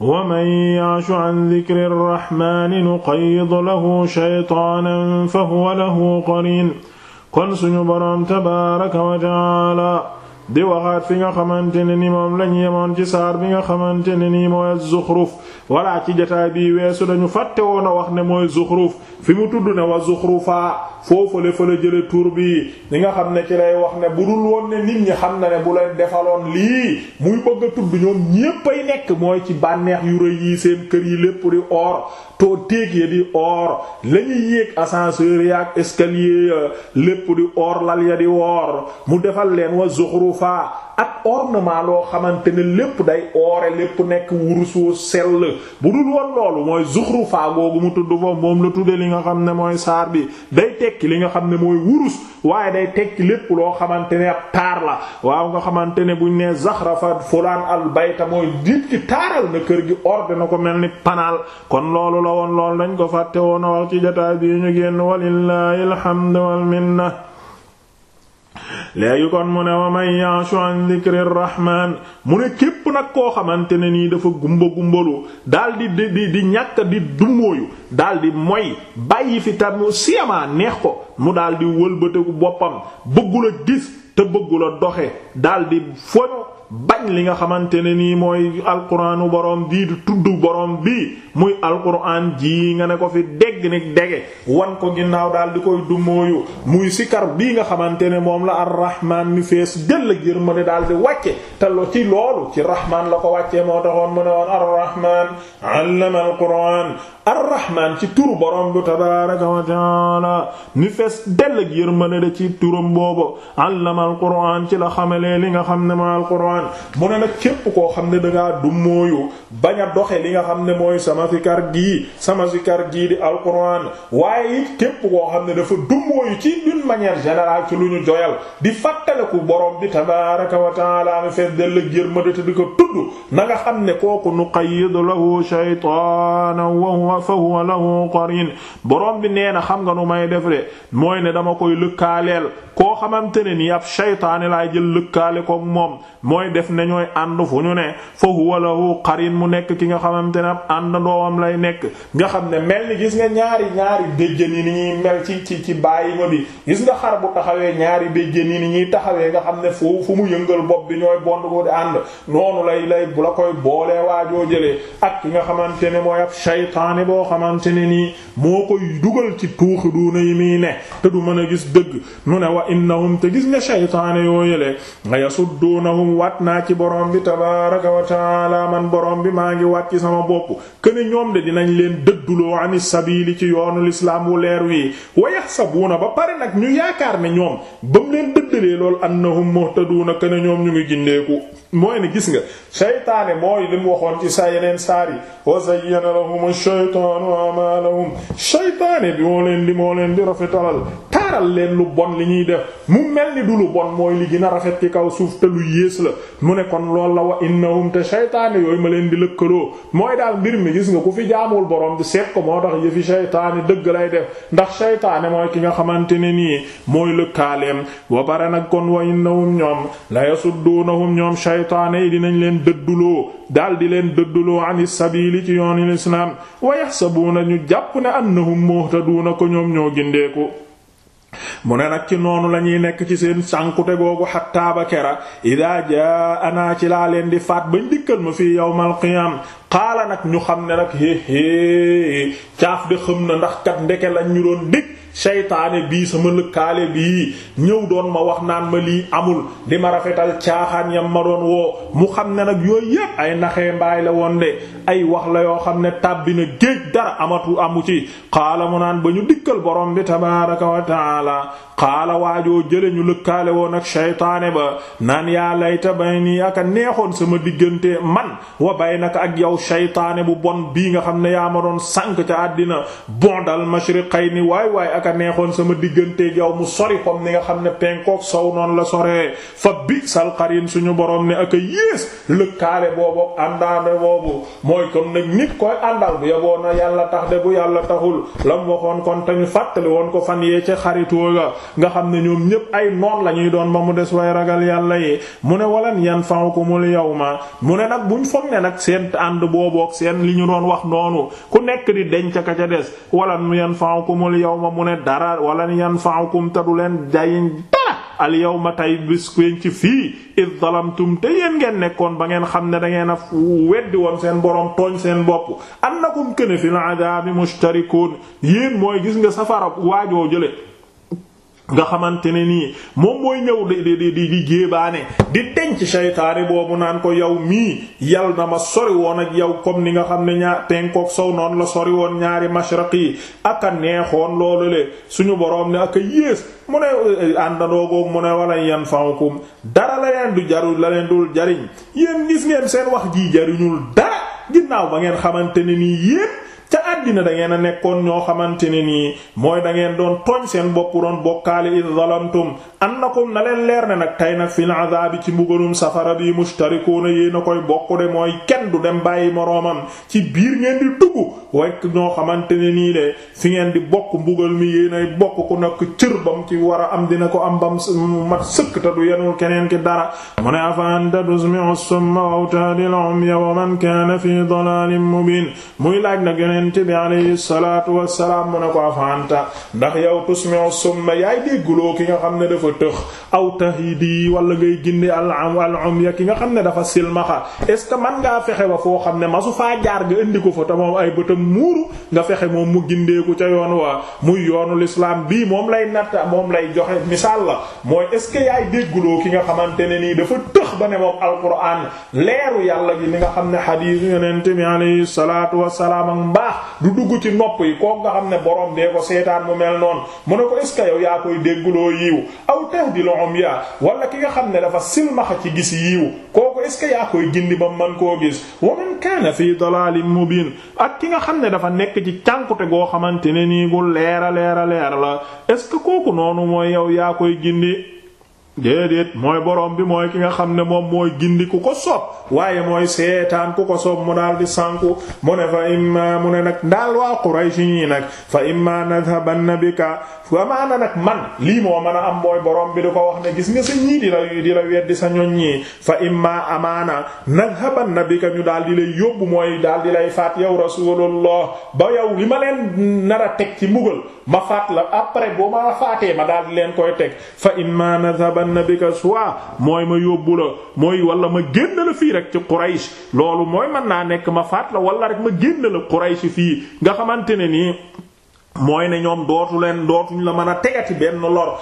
waman ya'shu an dikri rraxmani nuqayyid lahu shaytaanan fa huwa lahu qariin kon suñu boroom tabaaraka wa taala di waxaat fi nga xamante ne ni moom lañ yemoon ci saar bi nga xamante ne nii mooy zuxruf wala ci jataay bii weesu dañu fàtte woon a wax ne mooy zuxruf fi mu tudd ne wa zuxrufaa foofale fa la jële tur bi ñi nga xam ne ci lay wax ne bu dul woon ne nit ñi xam na ne bu leen defaloon lii muy bëgg a tudd ñoom ñépp ay nekk mooy ci bànneex yu rëy yi seen kër yi lépp di or too téeg ya di or la ñuy yéeg ascenseur yaak escalier ya lépp di or lal ya di or mu defal leen wa zuxrufa ak ornement loo xamante ne lépp day oore lépp nekk wurusoo sel bu dul woon loolu mooy zuxrufa googu mu tudd foofu moom la tudde li nga xam ne mooy saar bi tekki li nga xam ne mooy wurus waaye day tekki lépp loo xamante ne ab taar la waaw nga xamante ne buñ nee zaxrafa fulaan al bayta mooy nit ki taaral na kër gi orde na ko mel ni panaal kon loolu la woon loolu dañ ko fàtte woon a wax ci jotaay bi ñu génn walillahi alhamdu wal léegi kon mu ne wa man ya'shu an dhikri rahmaan mu ne képp nag koo xamante ne nii dafa gumba gumbalu daal di di di di ñàkk di dummóoyu daal di moy bàyyi fi tam siyamaa neex ko mu daal di wëlbateku boppam bëggula a gis te bëggula doxe daal di foñu bañ li nga xamante ne nii mooy alquraanu borom bii di tudd borom bii muy alquraan ji nga ne ko fi dégg ni dege wan ko ginnaaw daal di koy dumóoyu muy sikar bii nga xamante ne moom la arrahmaan mi fees dëll ak yërmande daal di wàcce te lo ci la ko wàccee moo taxoon mu ne woon arrahmaan ci turu borom bu tabaaraka da ci turam boobu allama ci la xamalee li nga xam ne mooy alquraan an mu ne nag képp koo xam ne dangaa dummóoyu bañ a doxe li nga xam ne mooy sama sikar gi sama sikar gii di alquran waaye it képp koo xam ne dafa dummóoyu ci d'une manière générale ci lu ñu joyal di fàttaleku borom bi tabaraka wa taala mi fees dell ak yërmande di ko tudd na nga xam ne kooku nuqayyid lahu shaytanan wa huwa fa huwa lahu qarin borom bi nee na xam nga nu may def de mooy ne dama koy lëkkaaleel koo xamante ne ni ab shaytaane laay jël lëkkaale ko moom mooy def ne ñooy ànd fu ñu ne fa huwa lahu mu nekk ki nga xamante ne ab ànd ndoowam lay nekk nga xam ne mel ni gis nga ñaari ñaari béjjën yi ni ñuy mel ci ci ci bàyyi ma bi gis nga xar bu taxawee ñaari béjjën yi ni ñuy taxawee nga xam ne mu yëngal bopp bi ñooy bond ko di ànd noonu lay lay bu la koy boolee joo jëlee ak ki nga xamante ne mooy ab shaytaani boo xamante ne nii moo koy dugal ci du duuna yi muy ne te du mën a gis dëgg mu ne wa innahum te gis nga shaytaani yoo yëlee nga yasuddunahum wat waat naa ci borom bi tabaaraka wa taala man borom bi maa ngi waat ci sama bopp këne ñoom de dinañ leen dëdduloo ani sabili ci yoonu lislaam wu leer wi wa yahsabuuna ba pare nag ñu yaakaar ne ñoom ba mu leen dëddalee lool annahum na këne ñoom ñu ngi gindeeku mooy ne gis nga seytaane mooy li mu waxoon ci sa yeneen saar yi wa zayyana lahum ash-shaytaanu a'maalahum bi moo leen di moo leen di rafetalal taaral leen lu bon li ñuy def mu mel ni du lu bon mooy li gën a rafet ci kaw suuf te lu yées la mu ne kon loolu la wa innahum te seytaane yooyu ma leen di lëkkaloo mooy daal mbir mi gis nga ku fi jaamuwul boroom bi seet ko moo tax yëfi seytaane dëgg lay def ndax seytaane mooy ki nga xamante ne nii mooy lëkkaaleem wa bare nag kon wa innahum seytaane yi dinañ leen dëdduloo daal di leen dëdduloo ani sabili ci yoonil islaam wa yaxsabuuna ñu jàpp ne annahum muhtaduuna ko ñoom ñoo gindeeku mu ne nag ci noonu la ñuy nekk ci seen sànkute googu xattaa ba kera idaa jaa anaa ci laa leen di faat ba dikkal ma fii yawmal qiyaam xaala nag ñu xam ne nag hé hé caaf de xam na ndax kat ndeke lañ ñu doon dégg seytaane bii sama lëkkaale bii ñëw doon ma wax naan ma lii amul di ma rafetal caaxaan yam ma doon woo mu xam ne nag yooyu yépp ay naxee mbaay la woon de ay wax la yoo xam ne tàbbi na géej dara amatu amu ci xaala mu naan ba ñu dikkal borom bi tabaaraka wa taala xaala waajoo jële ñu lëkkaale woon ak shaytaane ba naan yaa layta bay nii aka neexoon sama diggante man wa bay naka ak yow shaytaane bu bon bii nga xam ne yaa ma doon sànq ca àddina bon dal mashriqayni waay waay aka neexoon sama diggante yow mu sori comme ni nga xam ne penkook sow noonu la soree fa bi sal suñu borom ne aka yées lëkkaale boobu àndaane boobu mooy kon nag nit koy àndal bu yeboo na yàlla tax de bu yàlla taxul la waxoon kon te ñu fàttali woon ko fan yee ca xaritoo ga nga xam ne ñoom ñépp ay noon la ñuy doon ma mu des way ragal yàlla yi mu ne walan yow ma mu ne nag buñ foog ne nag seen ànd boobook seen li ñu doon wax noonu ku nekk di denc ka ca des walan yow ma mu ne dara walan yanfa'ukum ta du leen jayiñ al ma tay bis kueen ci fii id zalamtum te yéen ngeen nekkoon ba ngeen xam ne da ngeen a weddi woon seen boroom tooñ seen bopp annakum kana fil adabi mushtarikun yéen mooy gis nga safara waajoo jële nga xamante ne nii moom mooy ñëw di di di di géebaane di denc saytaane boobu naan ko yow mii yal na ma sori woon ak yow comme ni nga xam ne ñaar penkook sow noonu la sori woon ñaari mashraq yi ak a neexoon loolu le suñu boroom ne ak a yées mu ne eh, àndandoogoog mu ne wala yan fankum dara la leen du jarul la leen dul jariñ yéen gis ngeen seen wax ji jariñul dara ginnaaw ba ngeen xamante ne nii yéen àddina da ngeen a nekkoon ñoo xamante ne nii mooy da ngeen doon tooñ seen bopp doon bokkaale id zalamtum annakum na leen leer ne nag tey nag fil azabi ci mbugalum safara bi mustarikuuna yéen a koy bokku de mooy kenn du dem bàyyi moroomam ci biir ngeen di dugg wekk ñoo xamante ne nii le fi ngeen di bokk mbugal mi yéen bokk ku nekk cër bam ci war a am dina ko am bam mat sëkk te du yenul keneen ki dara mu ne afa anta tusmi'u summa wa tadil umya wa man kana fi bi alayhi salaatu wassalaam mu ne ko afanta ndax yow tusmi'u summa yaay dégguloo ki nga xam ne dafa tëx aw tahidi walla ngay gindi al am ya ki nga xam ne dafa silmaxa est-ce que man ngaa fexe ba foo xam ne masu faa jaar nga indi ko fa te moom ay bëtam muuru nga fexe moom mu gindeeku ca yoon waa muy yoonu lislaam bii moom lay natta moom lay joxe misaal la mooy est-ce que yaay dégguloo ki nga xamante ne nii dafa tëx ba ne moom alquran leeru yàlla gi li nga xam ne xadiis yonent bi alayhi salaatu wassalaam ak mbaax du dugg ci nopp yi kooku nga xam ne borom dee ko seetaan mu mel noonu mu ne ko est ce yow yaa koy déggloo yiw aw tahdi lahum yaa wala ki nga xam ne dafa silmaxa ci gis yiw kooku est ce que yaa koy gindi ba man koo gis wa man kaana mu dalalin mubin ak ki nga xam ne dafa nekk ci cànkute goo xamante ne nii gu leer a leer a la est ce que kooku noonu mooy yow yaa koy gindi déedéet mooy borom bi mooy ki nga xam ne moom mooy gindi ku ko soob waaye mooy seetaan ku ko soob mu daal di sànku mu ne fa imma mu ne nag ndaal waa Quraysh ñii nag fa imma nadhabanna bika famaana nag man lii moo mën a am mooy borom bi du ko wax ne gis nga sa ñii di di sa ñoñ ñii fa imma amaana nadhabanna bika ñu dal di lay yóbbu mooy daal di lay faat yow rasulullah ba yow li ma leen nar a teg ci mbugal ma faat la après boo ma faatee ma daal di leen koy teg fa imma nadhabanna akhrujanna bika suwa mooy ma yóbbu la mooy wala ma génn la fii rek ci Quraysh loolu mooy mën naa nekk ma faat la wala rek ma génn la Quraysh fii nga xamante ne nii mooy ne ñoom dootu leen dootuñ la mën a tegati benn lor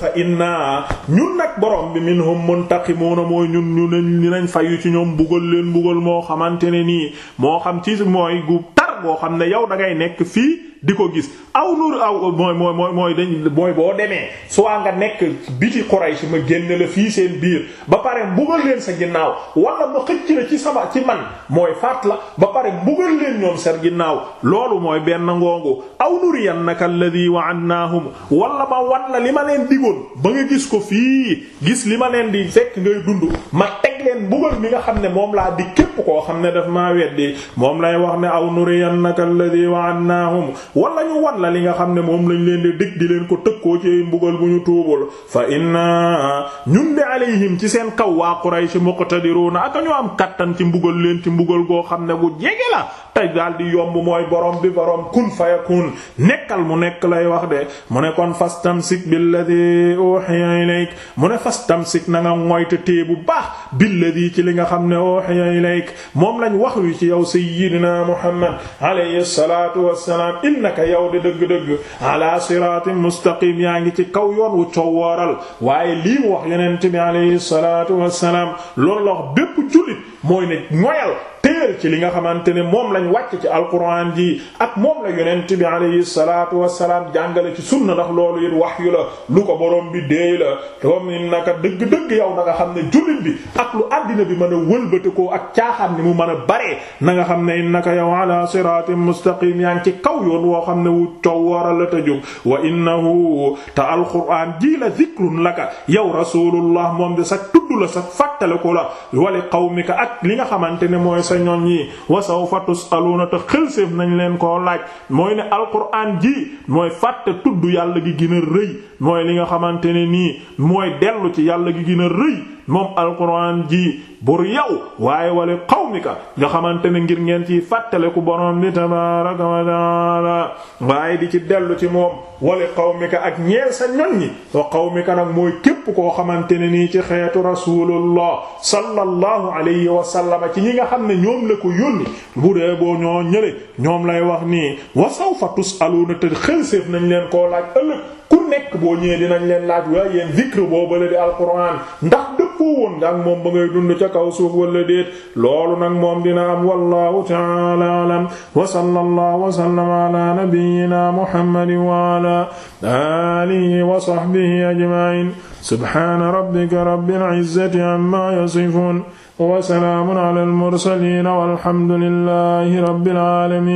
fa inna ñun nag borom bi minhum muntaqimuuna mooy ñun ñu ne dinañ fayu ci ñoom buggal leen bugal moo xamante ne nii moo xam ci mooy gu tar boo xam ne yow da ngay nekk fii. di ko gis aw nur aw mooy mooy mooy mooy dañ mooy boo demee su soit nga nekk biti Quraysh ma génne la fii seen biir ba pare mbugal leen sa ginnaaw wala ma xëcc la ci sama ci man mooy faat ba pare mbugal leen ñoom seen ginnaaw loolu mooy benn ngoongu aw nuriyannaka alladhi wa'adnahum wala ma wan la li ma leen digoon ba nga gis ko fii gis li ma leen di fekk ngay dund ma teg leen mbugal mi nga xam ne moom laa di képp koo xam ne daf maa weddi moom lay wax ne aw nuriyannaka naa wa'adnahum wala ñu wan la li nga xam ne moom lañ leen di dig di leen ko tëkkoo ci ay mbugal bu ñu tuubul fa inna ñun de alayhim ci seen kaw waa Quraysh muqtadiruna ak ñu am kattan ci mbugal leen ci mbugal goo xam ne bu jege la te daal di yomb mooy borom bi borom kun fayakun nekkal mu nekk lay wax de mu ne kon fastamsik billadi uhiya ilayk mu ne fastamsik na nga moytu tee bu baax billadi ci li nga xam ne uhiya ilayk moom lañu wax yu ci yow sayyidina Muhammad alayhi salaatu wassalaam innaka yow di dëgg-dëgg ala siraatin mustaqim yaa ngi ci kaw yoon wu coowooral waaye lii mu wax yonent bi alayhi salaatu wassalaam loolu la wax bépp jullit mooy ne moyal téer ci li nga xamante ne moom lañ wàcc ci alquran ji ak moom la yonent bi alayhi salaatu wassalaam jàngale ci sunna ndax loolu it wahyu la lu ko borom bi déey la comme ni naka dëgg-dëgg yow na nga xam ne jullit bi ak lu àddina bi mën a wëlbate ak caaxaan ni mu mën a baree na nga xam ne innaka yow ala siratin mustaqim yaa ngi ci kaw yoon woo xam ne wu coow waral la ta jóg wa innahu te alquran ji la zikrun laka yow rasulullah moom de sa tudd la sa fàttale ko la ne mooy sa ñoñ yi wa sawfa tusaluuna te xelséef nañ leen koo laaj mooy ne alquran ji mooy fàtte tudd yàlla gi gën a rëy mooy li nga xamante ne nii mooy dellu ci yàlla gi gën a rëy moom alquran ji bur yow waaye wala qawmika nga xamante ne ngir ngeen ci ku borom bi tabaaraka wa taala waaye di ci dellu ci moom wala qawmika ak ñeel sa ñoñ ñi wa qawmika nag mooy képp koo xamante ne nii ci xeetu rasulullah sallallahu alayhi wa sallam ci ñi nga xam ne ñoom la ko yónni bu dee boo ñoo ñële ñoom lay wax nii wa sawfa tusaluna te xelséef nañ leen koo laaj ëllëg ku nekk boo ñëwee dinañ leen laaj waaye yéen zikr boobale di alquran ndax dëppoo woon nga ak moom ba ngay dund ca kaw suuf wala déet loolu nag moom dina am wallahu ta'ala alam wa sallallahu wa sallama ala nabiyyina muhammadin wa ala alihi wa sahbihi ajma'in subhana rabbika rabbil izzati amma yasifun wa salamun ala al mursalin walhamdulillahi rabbil alamin